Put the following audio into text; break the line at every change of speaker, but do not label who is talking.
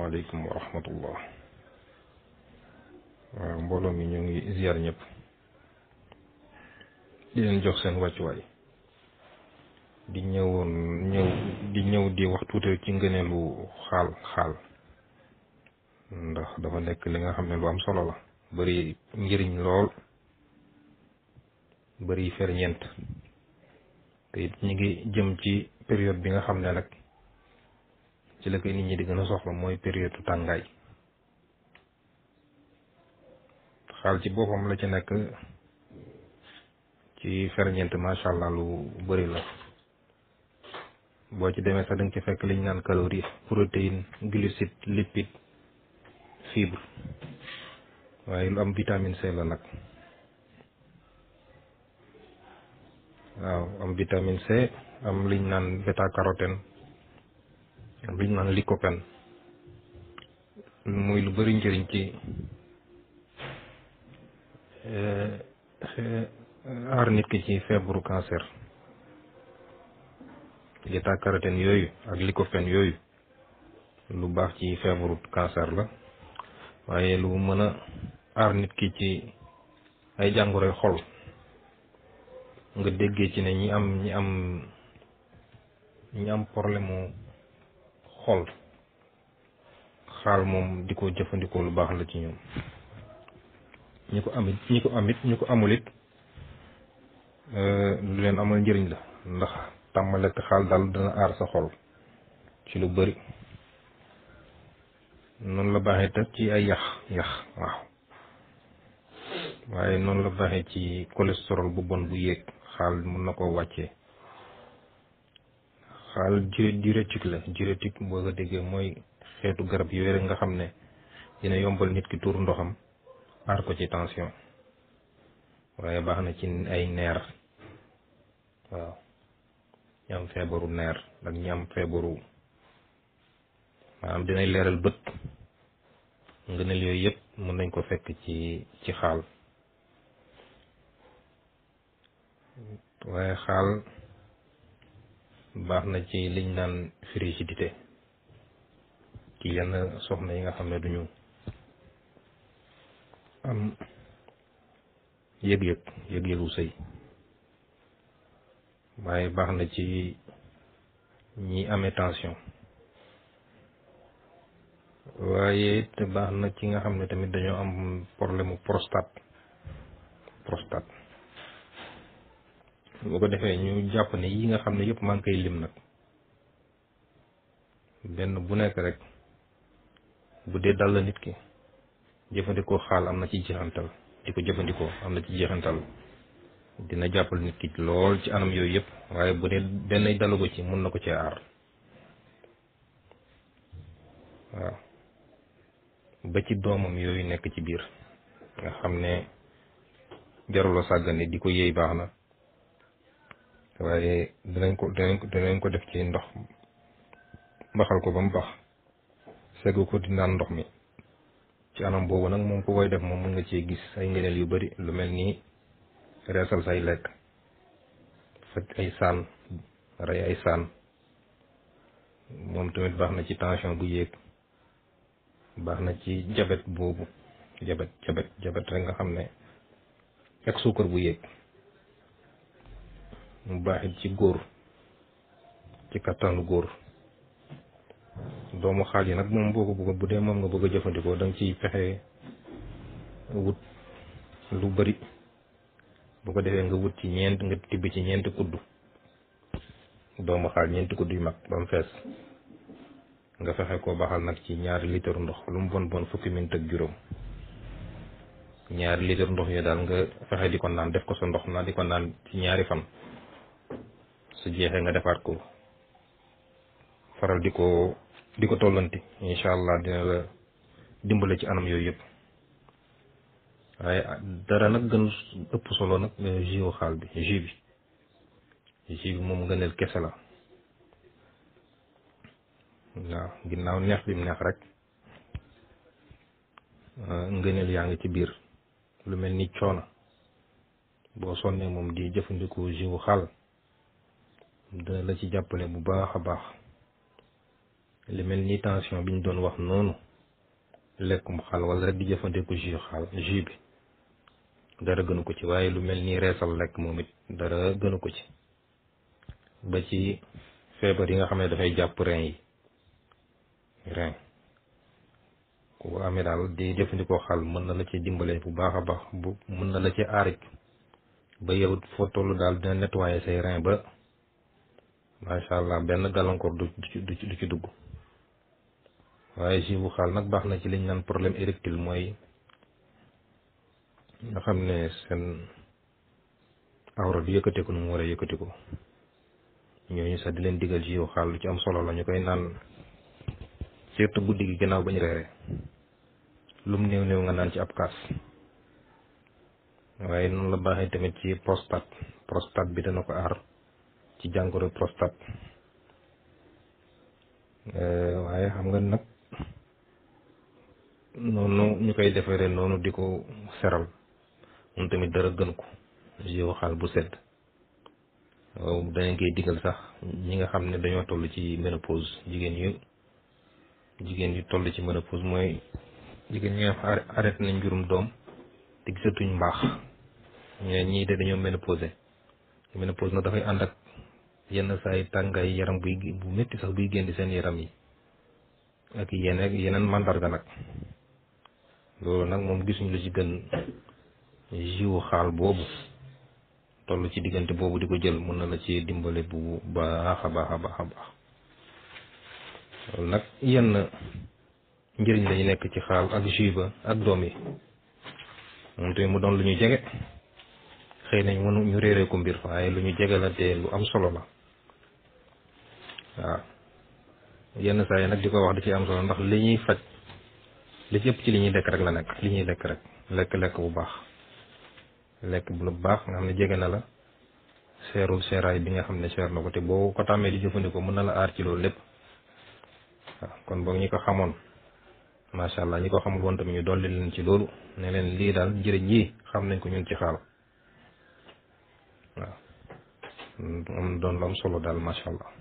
waaleykum wa rahmatullah waaw mbooloo ñoo ngi ziar ñëpp di leen jox seen wàccuwaay di ñëwoon ñëw di ñëw di wax tuute ci ngëneelu xaal xaal ndax dafa nekk li nga xam ne lu am solo la bëri njëriñ lool bëri ferñeent te ñu ngi jëm ci période bi nga xam ne nag ci la koy nit ñi di gën a soxla mooy période tàngaay xaal ci boppam la ci nekk ci ferñeent macha allah lu bari la boo ci demee sax da ci fekk liñ naan calories protéines glucides lipides fibre waaye lu am vitamine C la nag waaw am vitamine C am liñ naan bêta carotène biñ naan lycopène muy lu bëri njëriñ ci eh, aar nit ki ci feebaru cancer bêta-carotène yooyu ak lycopène yooyu lu baax ci feebaru cancer la waaye lu mën a aar nit ki ci ay jàngoroy xol nga déggee ci ne ñi am ñi am ñi am problème xol xaal moom di ko jëfandikoo lu baax la ci ñoom ñu ko amit ñi ko amit ko amul it euh, lu leen amal njëriñ la ndax tàmm lekk xaal daal dana aar sa xol ci lu bari noonu la baaxee te ci ay yax yax waaw waaye noonu la baaxee ci cholestérol bu bon bu yéeg xaal mun na koo wàccee xaal diurétique la diurétique boo ko déggee mooy xeetu garab yi rek nga xam ne dina yombal nit ki tuur ndoxam aar ko ci tension waaye baax na ci ay neer waaw ñi am feebaru neer ak ñi am feebaru maanaam dinay leeral bët ngëneel yooyu yëpp mën nañ ko fekk ci ci xaal waaye xaal baax na ci liñ naan frigidité ki yenn soxna yi nga xam ne duñu am yëg-yëg yëg-yëgu sëy waaye baax na ci ñi amee tension waaye it baax na ci nga xam ne tamit dañoo am problème prostate prostate bu ko defee ñu jàpp ne yi nga xam ne yëpp maa ngi lim nag benn bu nekk rek bu dee dal nit ki jëfandikoo xaal am na ci jeexantal di ko jëfandikoo am na ci jeexantal dina jàppal nit ki lool ci anam yooyu yëpp waaye bu dee benn dalu ko ci mun na ko ci aar waaw ba ci doomam yooyu nekk ci biir nga xam ne jarul a di ko yéey baax na waaye danañ ko danañ ko ko def ci ndox mbaxal ko ba mu baax segg ko di naan ndox mi ci anam boobu nag moom ku koy def moom mun nga cee gis ay ngëneel yu bari lu mel nii reesal say lekk faj ay saan rey ay saan moom tamit baax na ci tension bu yéeg baax na ci jabet boobu jabet jabet jabet rek nga xam ne ak suukar bu yéeg mu baax ci góor ci kattanu góor doomu xaal yi nag moom boo ko bëgg bu dee moom nga bëgg a jëfandikoo danga nga ciy fexe wut lu bari bu ko defee nga wut ci ñeent nga tibb ci ñeenti kuddu doomu xaal ñeenti kudd yu mag ba mu fees nga fexe ko baxal nag ci ñaari litre ndox lu mu bon bon fukki minute juróom ñaari litre ndox yooyu daal nga fexe di kon daan def ko sa ndox naa di kon naan ci ñaari fan su jeexee nga defaat ko faral di ko di ko tollanti incha allah dina la dimbale ci anam yooyu yëpp waaye dara nag gën ëpp solo nag jiwu xaal bi ji bi ji bi moom gëneel kese la waaw ginnaaw neex bi mu neex rek euh, ngëneel yaa ngi ci biir lu mel ni coono boo sonnee moom di jëfandikoo jiwu xaal dana la ci jàppale bu baax a baax li mel ni tension bi ñu doon wax noonu lekkum xaal wala rek di jëfandiku jus xaal jus bi dara gënu ko ci waaye lu mel nii reesal lekk moom it dara gënu ko ci ba ci feebar yi nga xam ne dafay jàpp rein yi rein ku amee daal di jëfandikoo xaal mën na la ci dimbale bu baax a baax bu mën na la ci aarit ba yow foo toll daal dina nettoyer say rein ba macha allah benn gàllankoor du ci du ci dugg waaye jus buccal nag baax na ci liñ naan problème érectile mooy nga xam ne seen awra du yëkkateeku nu mu war a yëkkateeku ñooñu sax di leen digal jus buccal lu ci am solo la ñu koy naan surtout guddi gi gannaaw ba ñu reere lum néew néew nga naan ci ab kaas waaye noonu la baaxee tamit ci prostate prostate bi dana ko aar. ci jàngoro prostate euh, waaye xam nga nag noonu ñu koy defaree noonu di ko seral moom tamit dara gën ko jiw bu sedd waaw danañ koy digal sax ñi nga xam ne dañoo toll ci ménopause jigéen yu jigéen yu toll ci ménopause mooy jigéen ñi nga xam arrêté nañ jurum doom te gisatuñ mbaax ñee ñii de dañoo ménopausé ménopause nag dafay ànd ak yenn saay tàngaay yaram buy bu métti sax buy génn seen yaram yi ak yeneen yeneen màndarga nag loolu nag moom gisuñu lu ci gën jiwu xaal boobu toll ci diggante boobu di ko jël mën na la ci dimbale bu baax a baax a baax a nag yenn njëriñ lañu nekk ci xaal ak jus ak doom yi moom tamit mu doon lu ñu jege xëy nañ mënu ñu réeree ko mbir waaye lu ñu jegalante lu am solo la waaw yenn saa yi nag di ko wax da ci am solo ndax li ñuy faj li ci ci li ñuy lekk rek la nekk li ñuy lekk rek lekk lekk bu baax lekk bu baax nga xam ne jege na la seerul seeraay bi nga xam ne seer na ko te boo ko tàmmee di jëfandikoo mën na la aar ci loolu lépp kon boog ñi ko xamoon macha allah ñi ko xamul woon tamit ñu dolli leen ci loolu ne leen lii daal njëriñ yi xam nañ ko ñun ci xaal waaw doon lu am solo daal macha allah.